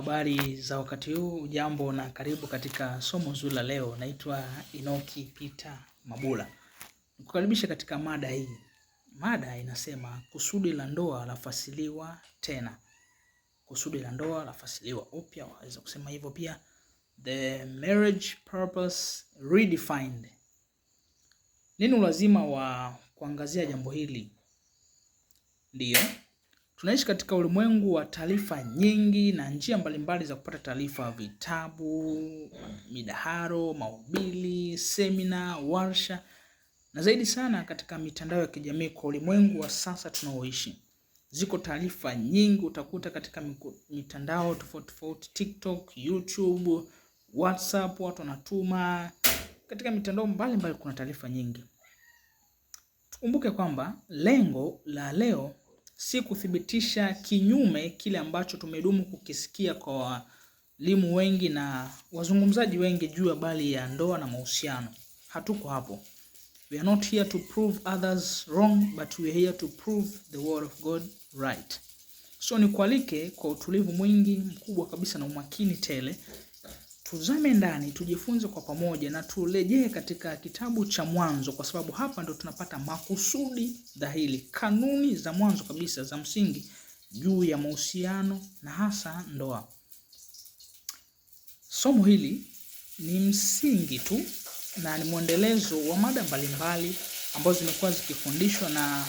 Habari za wakati huu, jambo na karibu katika somo zuri la leo. Naitwa Enoki Peter Mabula, nikukaribisha katika mada hii. Mada inasema kusudi la ndoa lafasiliwa tena, kusudi la ndoa lafasiliwa upya, waweza kusema hivyo pia, the marriage purpose redefined. Nini ulazima wa kuangazia jambo hili? Ndiyo Tunaishi katika ulimwengu wa taarifa nyingi na njia mbalimbali za kupata taarifa: vitabu, midaharo, mahubiri, semina, warsha na zaidi sana katika mitandao ya kijamii. Kwa ulimwengu wa sasa tunaoishi, ziko taarifa nyingi utakuta katika mitandao tofauti tofauti, TikTok, YouTube, WhatsApp, watu wanatuma katika mitandao mbalimbali, kuna taarifa nyingi. Tukumbuke kwamba lengo la leo si kuthibitisha kinyume kile ambacho tumedumu kukisikia kwa walimu wengi na wazungumzaji wengi juu ya bali ya ndoa na mahusiano. Hatuko hapo. We are not here to prove others wrong but we are here to prove the word of God right. So nikualike kwa utulivu mwingi mkubwa kabisa na umakini tele tuzame ndani, tujifunze kwa pamoja na turejee katika kitabu cha Mwanzo, kwa sababu hapa ndo tunapata makusudi dhahiri, kanuni za mwanzo kabisa za msingi juu ya mahusiano na hasa ndoa. Somo hili ni msingi tu na ni mwendelezo wa mada mbalimbali ambazo zimekuwa zikifundishwa, na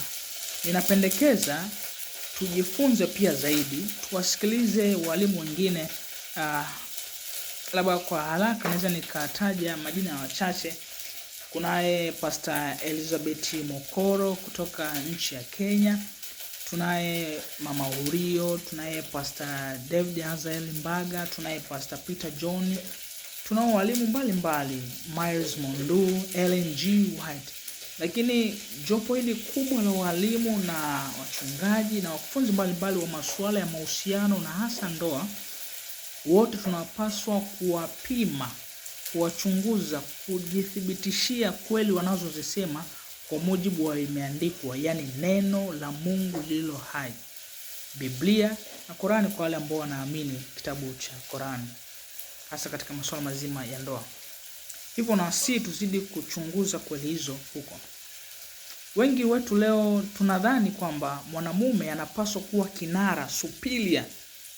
ninapendekeza tujifunze pia zaidi, tuwasikilize walimu wengine uh, labda kwa haraka naweza nikataja majina wachache. Kunaye Pastor Elizabeth Mokoro kutoka nchi ya Kenya, tunaye Mama Urio, tunaye Pastor David Hazael Mbaga, tunaye Pastor Peter John, tunao walimu mbalimbali Miles mondu Ellen G White, lakini jopo hili kubwa la walimu na wachungaji na wakufunzi mbalimbali wa masuala ya mahusiano na hasa ndoa wote tunapaswa kuwapima, kuwachunguza, kujithibitishia kweli wanazozisema kwa mujibu wa imeandikwa, yaani neno la Mungu lililo hai, Biblia na Qurani, kwa wale ambao wanaamini kitabu cha Qurani, hasa katika masuala mazima ya ndoa. Hivyo na sisi tuzidi kuchunguza kweli hizo huko. Wengi wetu leo tunadhani kwamba mwanamume anapaswa kuwa kinara, supilia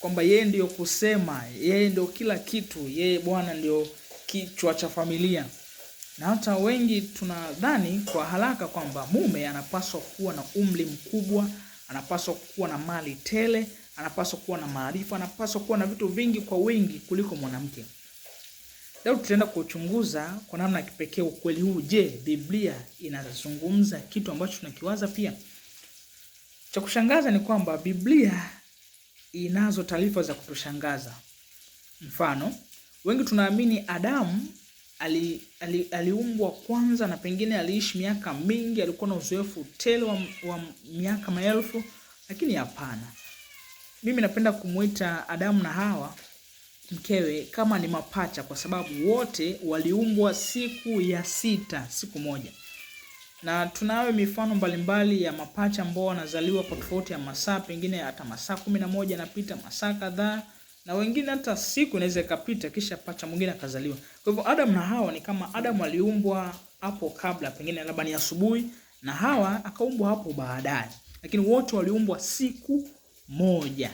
kwamba yeye ndio kusema, yeye ndio kila kitu, yeye Bwana ndio kichwa cha familia. Na hata wengi tunadhani kwa haraka kwamba mume anapaswa kuwa na umri mkubwa, anapaswa kuwa na mali tele, anapaswa kuwa na maarifa, anapaswa kuwa na vitu vingi kwa wingi kuliko mwanamke. Leo tutaenda kuchunguza kwa namna ya kipekee ukweli huu. Je, Biblia inazungumza kitu ambacho tunakiwaza? Pia cha kushangaza ni kwamba Biblia inazo taarifa za kutushangaza. Mfano, wengi tunaamini Adamu ali, ali, aliumbwa kwanza na pengine aliishi miaka mingi, alikuwa na uzoefu tele wa, wa miaka maelfu, lakini hapana. Mimi napenda kumwita Adamu na Hawa mkewe kama ni mapacha, kwa sababu wote waliumbwa siku ya sita, siku moja na tunayo mifano mbalimbali ya mapacha ambao wanazaliwa kwa tofauti ya masaa, pengine hata masaa kumi na moja anapita masaa kadhaa, na wengine hata siku inaweza ikapita, kisha pacha mwingine akazaliwa. Kwa hivyo Adam na Hawa ni kama Adam aliumbwa hapo kabla, pengine labda ni asubuhi, na Hawa akaumbwa hapo baadaye, lakini wote waliumbwa siku moja.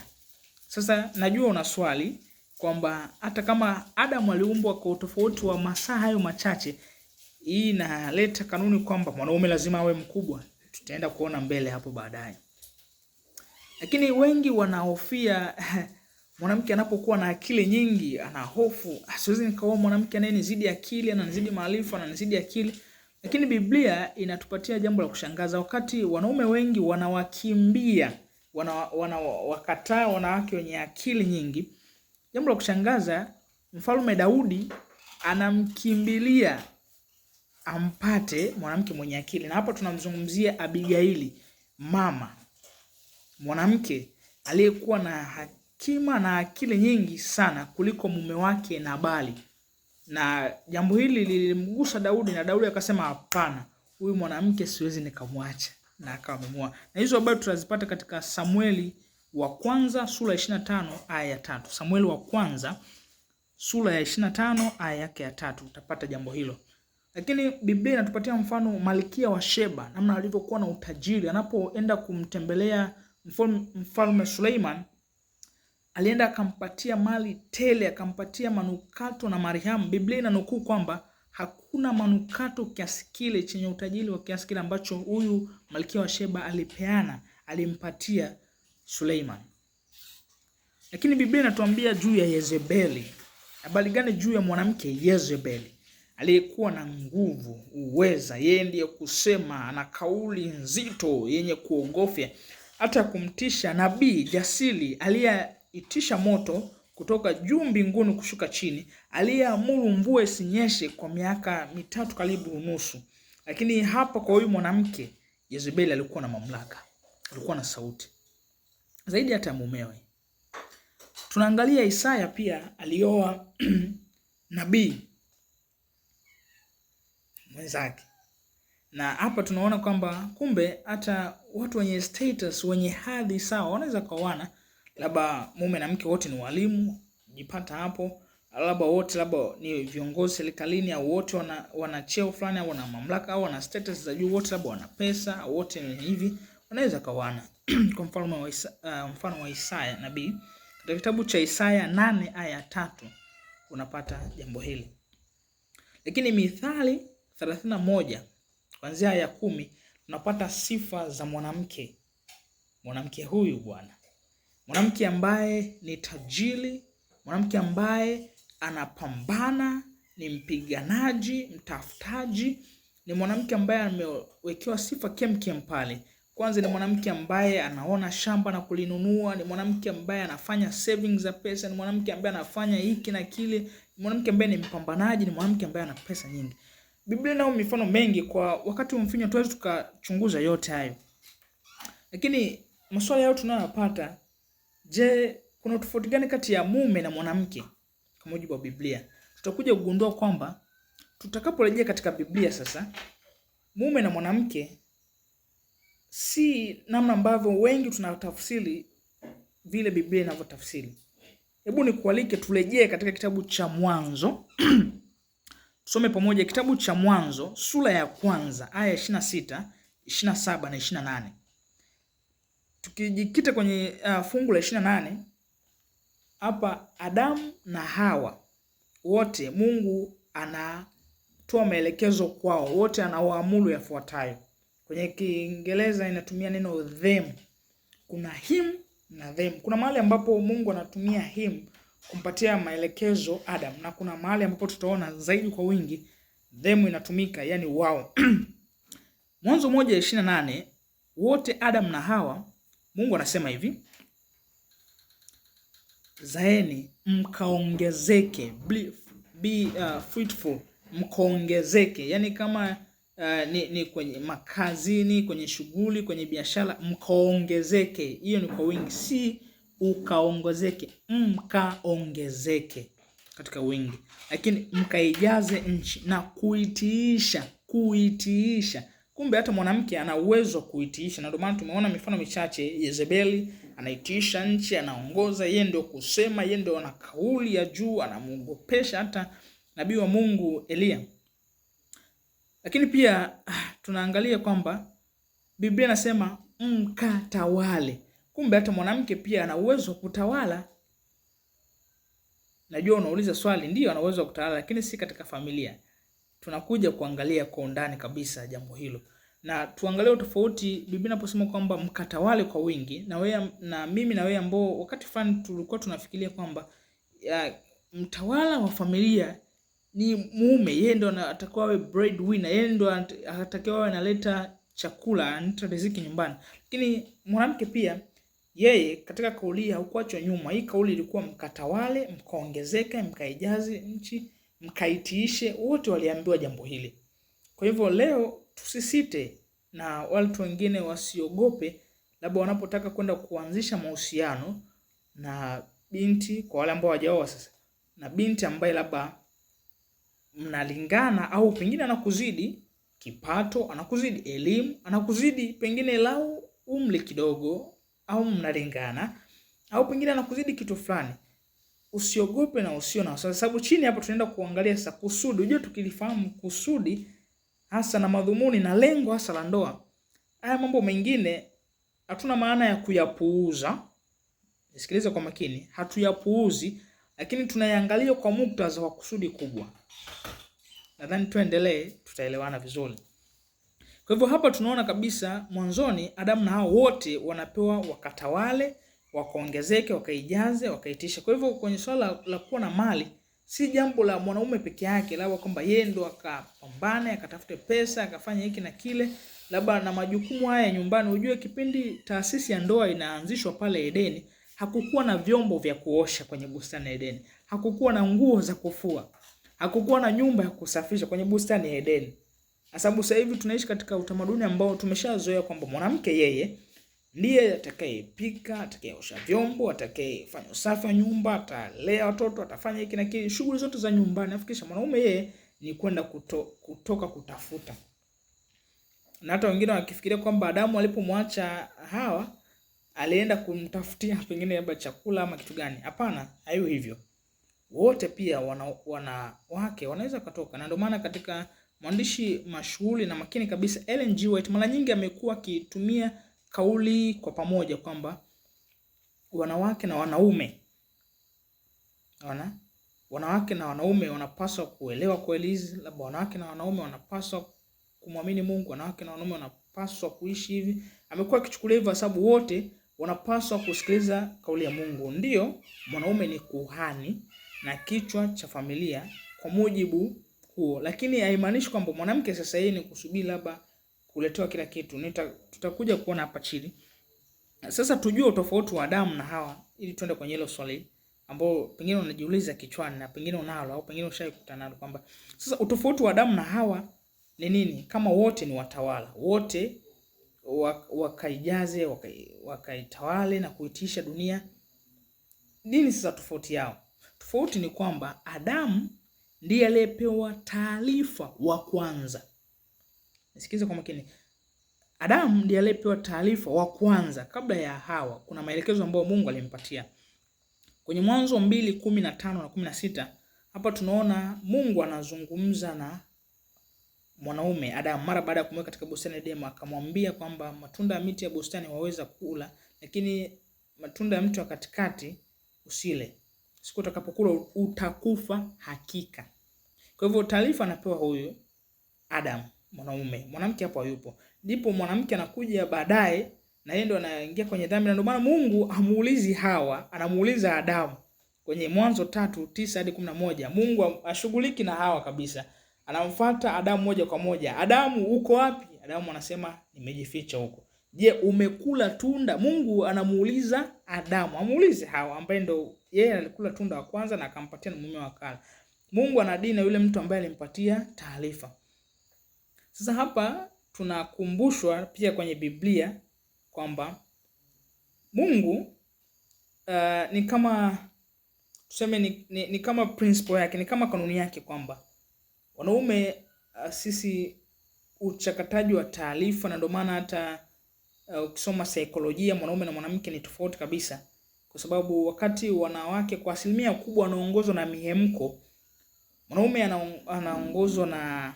Sasa najua una swali kwamba hata kama Adam aliumbwa kwa utofauti wa masaa hayo machache hii inaleta kanuni kwamba mwanaume lazima awe mkubwa. Tutaenda kuona mbele hapo baadaye, lakini wengi wanahofia mwanamke anapokuwa na akili nyingi, ana hofu, ah, siwezi nikaoa mwanamke anayenizidi akili, ananizidi maarifa, ananizidi akili. Lakini Biblia inatupatia jambo la kushangaza. Wakati wanaume wengi wanawakimbia, wanawakataa wana, wanawake wenye akili nyingi, jambo la kushangaza, mfalme Daudi anamkimbilia ampate mwanamke mwenye akili, na hapa tunamzungumzia Abigaili, mama mwanamke aliyekuwa na hakima na akili nyingi sana kuliko mume wake Nabali, na jambo hili lilimgusa Daudi na Daudi akasema, hapana, huyu mwanamke siwezi nikamwacha, na akawa Na hizo habari tunazipata katika Samueli wa kwanza sura ya 25 aya ya tatu. Samueli wa kwanza sura ya 25 aya yake ya tatu, utapata jambo hilo. Lakini Biblia inatupatia mfano Malkia wa Sheba, namna alivyokuwa na utajiri anapoenda kumtembelea mfalme, Suleiman alienda akampatia mali tele, akampatia manukato na Mariamu. Biblia inanukuu kwamba hakuna manukato kiasi kile chenye utajiri wa kiasi kile ambacho huyu Malkia wa Sheba alipeana, alimpatia Suleiman. Lakini Biblia inatuambia juu ya Yezebeli. Habari gani juu ya mwanamke Yezebeli? aliyekuwa na nguvu, uweza, yeye ndiye kusema na kauli nzito yenye kuogofya, hata kumtisha nabii jasiri aliyeitisha moto kutoka juu mbinguni kushuka chini, aliyeamuru mvua isinyeshe kwa miaka mitatu karibu nusu. Lakini hapa kwa huyu mwanamke Yezebeli alikuwa na mamlaka, alikuwa na sauti zaidi hata mumewe. Tunaangalia Isaya pia alioa nabii wenzake. Na hapa tunaona kwamba kumbe hata watu wenye status, wenye hadhi sawa wanaweza kuoana, labda mume na mke wote ni walimu, jipata hapo, labda wote labda ni viongozi serikalini, au wote wana, wana cheo fulani au wana mamlaka au wana status za juu, wote labda wana pesa, wote ni hivi, wanaweza kuoana. Kwa mfano wa Isa, uh, mfano wa Isaya nabii katika kitabu cha Isaya nane aya tatu unapata jambo hili, lakini mithali thelathini na moja kuanzia ya kumi tunapata sifa za mwanamke. Mwanamke huyu bwana, mwanamke ambaye ni tajiri, mwanamke ambaye anapambana, ni mpiganaji, mtafutaji, ni mwanamke ambaye amewekewa sifa kemkem pale. Kwanza ni mwanamke ambaye anaona shamba na kulinunua, ni mwanamke ambaye anafanya savings za pesa, ni mwanamke ambaye anafanya hiki na kile, ni mwanamke ambaye ni mpambanaji, ni mwanamke ambaye ana pesa nyingi. Biblia nao mifano mengi, kwa wakati wa mfinyo tuwezi tukachunguza yote hayo, lakini maswali yao tunayopata, je, kuna tofauti gani kati ya mume na mwanamke kwa mujibu wa Biblia? Tutakuja kugundua kwamba tutakaporejea katika Biblia sasa, mume na mwanamke si namna ambavyo wengi tunatafsiri vile Biblia inavyotafsiri. Hebu nikualike turejee katika kitabu cha Mwanzo Some pamoja kitabu cha Mwanzo sura ya kwanza aya 26, 27 na 28. Tukijikita kwenye uh, fungu la 28 hapa Adamu na Hawa wote Mungu anatoa maelekezo kwao, wote anawaamuru yafuatayo. Kwenye Kiingereza inatumia neno them, kuna him na them. Kuna mahali ambapo Mungu anatumia him kumpatia maelekezo Adam, na kuna mahali ambapo tutaona zaidi kwa wingi them inatumika, yani wao Mwanzo moja ishirini na nane wote Adam na Hawa, Mungu anasema hivi zaeni mkaongezeke, be, be uh, fruitful, mkaongezeke. Yani kama uh, ni, ni kwenye makazini, kwenye shughuli, kwenye biashara, mkaongezeke. Hiyo ni kwa wingi, si ukaongezeke, mkaongezeke katika wingi, lakini mkaijaze nchi na kuitiisha. Kuitiisha, kumbe hata mwanamke ana uwezo wa kuitiisha, na ndio maana tumeona mifano michache. Yezebeli anaitiisha nchi, anaongoza yeye, ndio kusema yeye ndio ana kauli ya juu, anamuogopesha hata nabii wa Mungu elia Lakini pia ah, tunaangalia kwamba Biblia inasema mkatawale Kumbe hata mwanamke pia ana uwezo wa kutawala. Najua unauliza swali, ndiyo ana uwezo wa kutawala, lakini si katika familia. Tunakuja kuangalia kwa undani kabisa jambo hilo, na tuangalie tofauti. Biblia inaposema kwamba mkatawale kwa wingi, na wewe na mimi na wewe, ambao wakati fulani tulikuwa tunafikiria kwamba mtawala wa familia ni mume, yeye ndo anatakiwa awe breadwinner, yeye ndo anatakiwa awe analeta chakula, analeta riziki nyumbani, lakini mwanamke pia yeye katika kauli hii haukuachwa nyuma. Hii kauli ilikuwa mkatawale, mkaongezeke, mkaijaze nchi, mkaitiishe. Wote waliambiwa jambo hili. Kwa hivyo leo tusisite, na watu wengine wasiogope, labda wanapotaka kwenda kuanzisha mahusiano na binti, kwa wale ambao hawajaoa sasa, na binti ambaye labda mnalingana au pengine anakuzidi kipato, anakuzidi elimu, anakuzidi pengine lau umri kidogo au mnalingana au pengine anakuzidi kitu fulani, usiogope na usio na wasiwasi, sababu chini hapo tunaenda kuangalia sasa kusudi. Unajua, tukilifahamu kusudi hasa na madhumuni na lengo hasa la ndoa, haya mambo mengine hatuna maana ya kuyapuuza. Nisikilize kwa makini, hatuyapuuzi, lakini tunayaangalia kwa muktadha wa kusudi kubwa. Nadhani tuendelee, tutaelewana vizuri. Kwa hivyo hapa tunaona kabisa mwanzoni Adamu na Hawa wote wanapewa wakatawale, wakaongezeke, wakaijaze, wakaitisha. Kwa hivyo kwenye swala la kuwa na mali si jambo la mwanaume peke yake, labda kwamba yeye ndo akapambane akatafute pesa akafanya hiki na kile, labda na majukumu haya nyumbani. Ujue kipindi taasisi ya ndoa inaanzishwa pale Edeni, hakukuwa na vyombo vya kuosha kwenye bustani ya Edeni, hakukuwa na nguo za kufua, hakukuwa na nyumba ya kusafisha kwenye bustani ya Edeni sababu sasa hivi tunaishi katika utamaduni ambao tumeshazoea kwamba mwanamke yeye ndiye atakayepika, atakayeosha vyombo, atakayefanya usafi wa nyumba, atalea watoto, atafanya hiki na kile, shughuli zote za nyumbani. Afikisha mwanaume yeye ni kwenda kuto, kutoka kutafuta. Na hata wengine wakifikiria kwamba Adamu alipomwacha Hawa alienda kumtafutia pengine labda chakula ama kitu gani. Hapana, hayo hivyo. Wote pia wanawake wana, wanaweza katoka, na ndio maana katika mwandishi mashuhuri na makini kabisa Ellen G. White mara nyingi amekuwa akitumia kauli kwa pamoja kwamba wanawake na wanaume ona, wanawake na wanaume wanapaswa kuelewa kweli hizi, labda wanawake na wanaume wanapaswa kumwamini Mungu, wanawake na wanaume wanapaswa kuishi hivi. Amekuwa akichukulia hivyo, sababu wote wanapaswa kusikiliza kauli ya Mungu. Ndiyo, mwanaume ni kuhani na kichwa cha familia kwa mujibu huo, lakini haimaanishi kwamba mwanamke sasa yeye ni kusubiri labda kuletewa kila kitu. Nita, tutakuja kuona hapa chini. Sasa tujue utofauti wa Adamu na Hawa ili tuende kwenye hilo swali ambao pengine unajiuliza kichwani na pengine unalo au pengine ushaikutana nalo kwamba sasa utofauti wa Adamu na Hawa ni nini? Kama wote ni watawala, wote wakaijaze wakaitawale waka na kuitisha dunia, nini sasa tofauti yao? Tofauti ni kwamba Adamu ndiye aliyepewa taarifa wa kwanza. Nisikilize kwa makini. Adamu ndiye aliyepewa taarifa wa kwanza kabla ya Hawa. Kuna maelekezo ambayo Mungu alimpatia kwenye Mwanzo mbili kumi na tano na kumi na sita. Hapa tunaona Mungu anazungumza na mwanaume Adamu mara baada ya kumweka katika bustani ya Edeni, akamwambia kwamba matunda ya miti ya bustani waweza kula, lakini matunda ya mti wa katikati usile siku utakapokula utakufa hakika. Kwa hivyo taarifa anapewa huyu Adam mwanaume, mwanamke hapo hayupo. Ndipo mwanamke anakuja baadaye na yeye ndo anaingia kwenye dhambi, na ndio maana Mungu amuulizi Hawa, anamuuliza Adamu kwenye Mwanzo tatu tisa hadi kumi na moja. Mungu ashughuliki na Hawa kabisa, anamfuata Adamu moja kwa moja. Adamu, uko wapi? Adamu anasema nimejificha huko. Je, umekula tunda? Mungu anamuuliza Adamu, amuulize Hawa ambaye ndo yeye alikula tunda wa kwanza na akampatia na mume wa kale. Mungu anadili na yule mtu ambaye alimpatia taarifa. Sasa hapa tunakumbushwa pia kwenye Biblia kwamba Mungu uh, ni kama tuseme ni, ni, ni kama principle yake, ni kama kanuni yake kwamba wanaume uh, sisi uchakataji wa taarifa, na ndio maana hata eh, ukisoma uh, saikolojia mwanaume na mwanamke ni tofauti kabisa kwa sababu wakati wanawake kwa asilimia kubwa wanaongozwa na mihemko, mwanaume anaongozwa na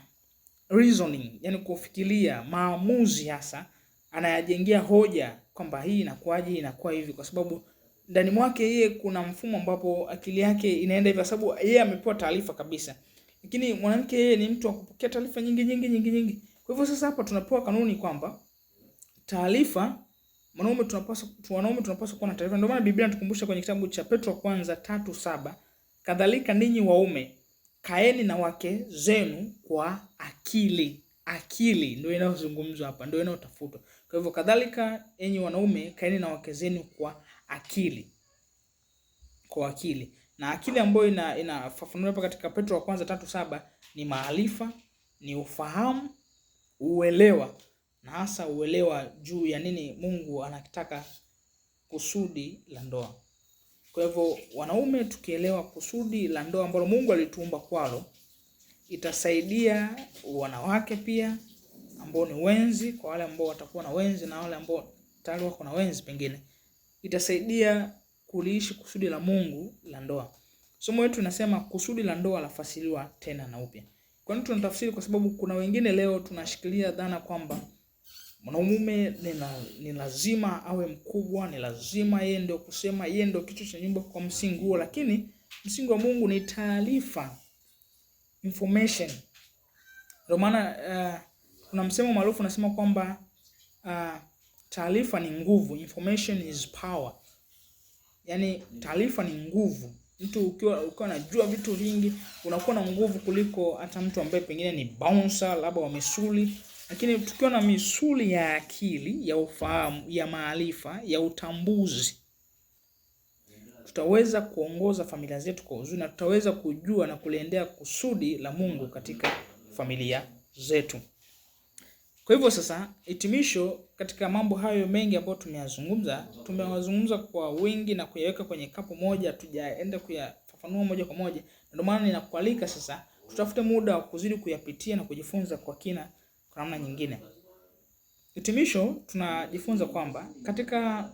reasoning, yani kufikiria maamuzi, hasa anayajengea hoja kwamba hii inakuwaje, inakuwa hivi, kwa sababu ndani mwake yeye kuna mfumo ambapo akili yake inaenda hivyo, sababu yeye amepewa taarifa kabisa. Lakini mwanamke yeye ni mtu wa kupokea taarifa nyingi nyingi nyingi nyingi. Kwa hivyo sasa hapa tunapewa kanuni kwamba taarifa Wanaume tunapaswa wanaume tunapaswa kuwa na taarifa. Ndio maana Biblia inatukumbusha kwenye kitabu cha Petro kwanza tatu saba kadhalika ninyi waume kaeni na wake zenu kwa akili. Akili ndio inayozungumzwa hapa, ndio inayotafutwa. Kwa hivyo, kadhalika enyi wanaume kaeni na wake zenu kwa akili, kwa akili. Na akili ambayo ina inafafanuliwa hapa katika Petro wa kwanza tatu saba ni maarifa, ni ufahamu, uelewa na hasa uelewa juu ya nini Mungu anakitaka kusudi la ndoa. Kwa hivyo, wanaume, tukielewa kusudi la ndoa ambalo Mungu alituumba kwalo, itasaidia wanawake pia ambao ni wenzi, kwa wale ambao watakuwa na wenzi na wale ambao tayari wako na wenzi, pengine itasaidia kuliishi kusudi la Mungu la ndoa. Somo letu linasema kusudi la ndoa lafasiriwa tena na upya. Kwa nini tunatafsiri? Kwa sababu kuna wengine leo tunashikilia dhana kwamba Mwanaume ni, lazima awe mkubwa, ni lazima yeye ndio kusema yeye ndio kichwa cha nyumba kwa msingi huo, lakini msingi wa Mungu ni taarifa, information. Ndio maana uh, kuna msemo maarufu unasema kwamba uh, taarifa ni nguvu, information is power. Yaani taarifa ni nguvu. Mtu ukiwa ukiwa unajua vitu vingi unakuwa na nguvu kuliko hata mtu ambaye pengine ni bouncer labda wa misuli lakini tukiwa na misuli ya akili, ya ufahamu, ya maarifa, ya utambuzi, tutaweza kuongoza familia zetu kwa uzuri na tutaweza kujua na kuliendea kusudi la Mungu katika familia zetu. Kwa hivyo sasa, hitimisho katika mambo hayo mengi ambayo tumeyazungumza, tumewazungumza kwa wingi na kuyaweka kwenye kapu moja, tujaenda kuyafafanua moja kwa moja. Ndio maana ninakualika sasa tutafute muda wa kuzidi kuyapitia na kujifunza kwa kina kwa namna nyingine. Hitimisho, tunajifunza kwamba katika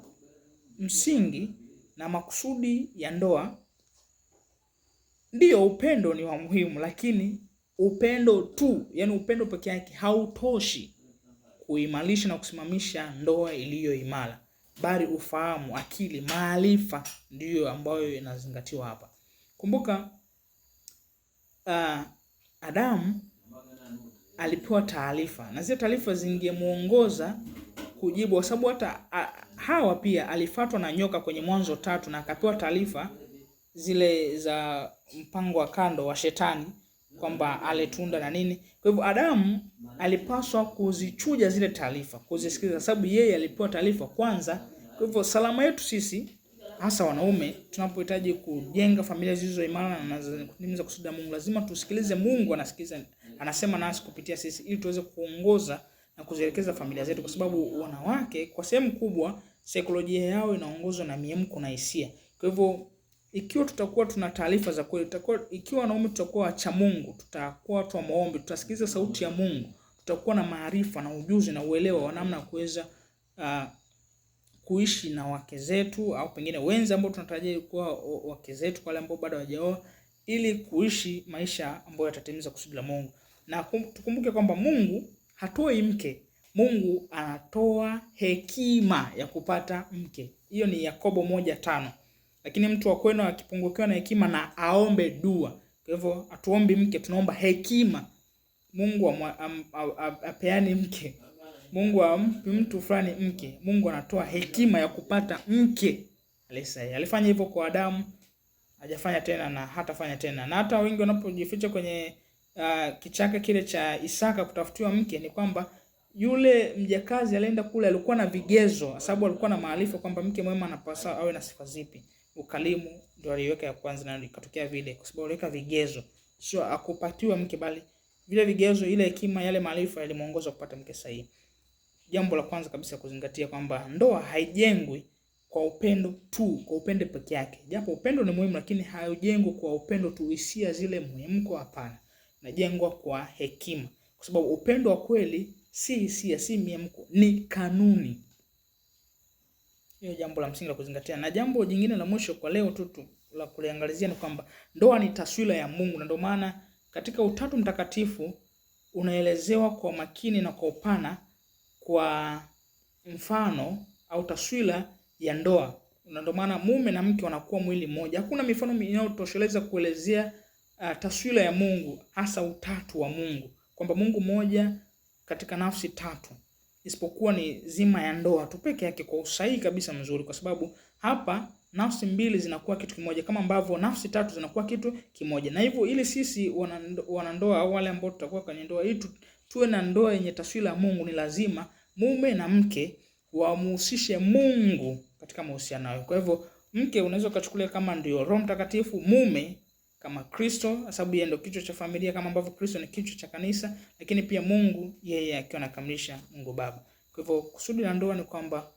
msingi na makusudi ya ndoa, ndiyo upendo ni wa muhimu, lakini upendo tu, yani upendo peke yake hautoshi kuimarisha na kusimamisha ndoa iliyo imara, bali ufahamu, akili, maarifa ndiyo ambayo inazingatiwa hapa. Kumbuka uh, Adamu alipewa taarifa na zile taarifa zingemuongoza kujibu, kwa sababu hata Hawa pia alifatwa na nyoka kwenye Mwanzo tatu na akapewa taarifa zile za mpango wa kando wa shetani kwamba aletunda na nini. Kwa hivyo Adamu alipaswa kuzichuja zile taarifa, kuzisikiliza, sababu yeye alipewa taarifa kwanza. Kwa hivyo salama yetu sisi hasa wanaume, tunapohitaji kujenga familia zilizo imara na zinazotimiza kusudi la Mungu, lazima tusikilize Mungu anasikiliza, anasema nasi kupitia sisi, ili tuweze kuongoza na kuzielekeza familia zetu, kwa sababu wanawake kwa sehemu kubwa saikolojia yao inaongozwa na miemko na hisia. Kwa hivyo ikiwa tutakuwa tuna taarifa za kweli, tutakuwa ikiwa wanaume tutakuwa wacha Mungu, tutakuwa watu wa maombi, tutasikiliza sauti ya Mungu, tutakuwa na maarifa na ujuzi na uelewa wa namna ya kuweza uh, kuishi na wake zetu au pengine wenza ambao tunatarajia kuwa wake zetu, wale ambao bado hawajaoa, ili kuishi maisha ambayo yatatimiza kusudi la Mungu. Na tukumbuke kwamba Mungu hatoi mke, Mungu anatoa hekima ya kupata mke. Hiyo ni Yakobo moja tano. Lakini mtu wa kwenu akipungukiwa na hekima na aombe dua. Kwa hivyo hatuombi mke, tunaomba hekima Mungu apeane mke. Mungu ampi mtu fulani mke, Mungu anatoa hekima ya kupata mke aliyesahihi. Alifanya hivyo kwa Adamu, hajafanya tena na hatafanya tena. Na hata wengi wanapojificha kwenye uh, kichaka kile cha Isaka kutafutiwa mke, ni kwamba yule mjakazi alienda kule alikuwa na vigezo, sababu alikuwa na maarifa kwamba mke mwema anapasa awe na sifa zipi. Ukalimu ndio aliweka ya kwanza, na ikatokea vile, kwa sababu aliweka vigezo, sio akupatiwa mke, bali vile vigezo, ile hekima, yale maarifa yalimuongoza kupata mke sahihi jambo la kwanza kabisa kuzingatia kwamba ndoa haijengwi kwa upendo tu, kwa upendo peke yake, japo upendo ni muhimu, lakini haujengwi kwa upendo tu, hisia zile mwemko, hapana, najengwa kwa hekima, kwa sababu upendo wa kweli si hisia, si mwemko, ni kanuni. Hiyo jambo la msingi la kuzingatia. Na jambo jingine la mwisho kwa leo tu la kuliangalizia ni kwamba ndoa ni taswira ya Mungu, na ndio maana katika Utatu Mtakatifu unaelezewa kwa makini na kwa upana kwa mfano au taswira ya ndoa, na ndio maana mume na mke wanakuwa mwili mmoja. Hakuna mifano inayotosheleza kuelezea uh, taswira ya Mungu, hasa utatu wa Mungu, kwamba Mungu mmoja katika nafsi tatu, isipokuwa ni zima ya ndoa tu peke yake, kwa usahihi kabisa mzuri, kwa sababu hapa nafsi mbili zinakuwa kitu kimoja kama ambavyo nafsi tatu zinakuwa kitu kimoja. Na hivyo ili sisi wanandoa au wale ambao tutakuwa kwenye ndoa hii tuwe na ndoa yenye taswira ya Mungu, ni lazima mume na mke wamuhusishe Mungu katika mahusiano yao. Kwa hivyo mke unaweza ukachukulia kama ndio Roho Mtakatifu, mume kama Kristo, sababu yeye ndio kichwa cha familia kama ambavyo Kristo ni kichwa cha kanisa, lakini pia Mungu yeye akiwa anakamilisha Mungu Baba. Kwa hivyo kusudi la ndoa ni kwamba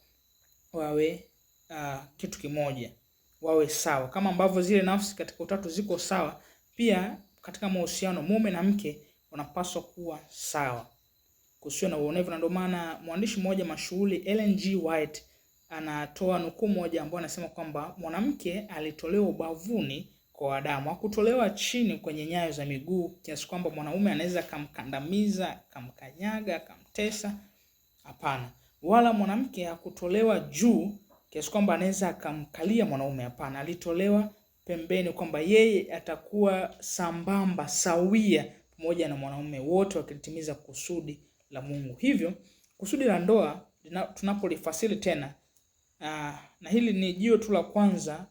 wawe uh, kitu kimoja, wawe sawa kama ambavyo zile nafsi katika utatu ziko sawa, pia katika mahusiano mume na mke wanapaswa kuwa sawa kusio na uonevu, na ndio maana mwandishi mmoja mashuhuri Ellen G. White anatoa nukuu moja ambayo anasema kwamba mwanamke alitolewa ubavuni kwa Adamu, hakutolewa chini kwenye nyayo za miguu, kiasi kwamba mwanaume anaweza akamkandamiza, akamkanyaga, akamtesa. Hapana, wala mwanamke hakutolewa juu kiasi kwamba anaweza akamkalia mwanaume. Hapana, alitolewa pembeni, kwamba yeye atakuwa sambamba sawia pamoja na mwanaume, wote wakitimiza kusudi la Mungu. Hivyo kusudi la ndoa tunapolifasiri tena, aa, ah, na hili ni jio tu la kwanza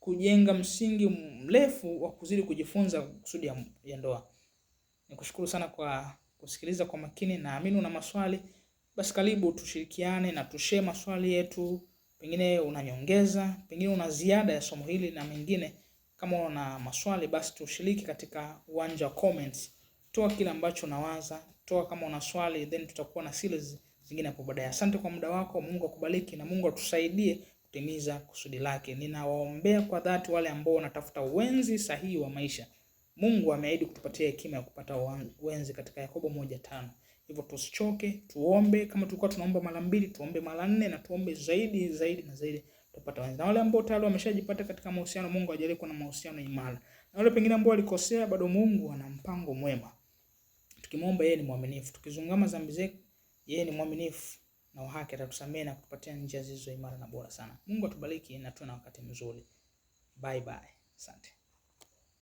kujenga msingi mrefu wa kuzidi kujifunza kusudi ya, ya ndoa. Nikushukuru sana kwa kusikiliza kwa makini. Naamini una maswali, basi karibu tushirikiane na tushee maswali yetu. Pengine unanyongeza, pengine una ziada ya somo hili na mengine. Kama una maswali, basi tushiriki katika uwanja wa comments. Toa kile ambacho unawaza kutoka kama una swali, then tutakuwa na series zingine hapo baadaye. Asante kwa muda wako, Mungu akubariki na Mungu atusaidie kutimiza kusudi lake. Ninawaombea kwa dhati wale ambao wanatafuta wenzi sahihi wa maisha. Mungu ameahidi kutupatia hekima ya kupata wenzi katika Yakobo moja tano. Hivyo tusichoke, tuombe. Kama tulikuwa tunaomba mara mbili, tuombe mara nne, na tuombe zaidi zaidi na zaidi, tutapata wenzi. Na wale ambao tayari wameshajipata katika mahusiano, Mungu ajalie kuwa na mahusiano imara, na wale pengine ambao walikosea, bado Mungu ana mpango mwema. Tukimwomba yeye ni mwaminifu, tukizungama dhambi zetu yeye ni mwaminifu na uhaki, haki, atatusamehe na kutupatia njia zilizo imara na bora sana. Mungu atubariki na tuwe na wakati mzuri. Bye bye. Asante.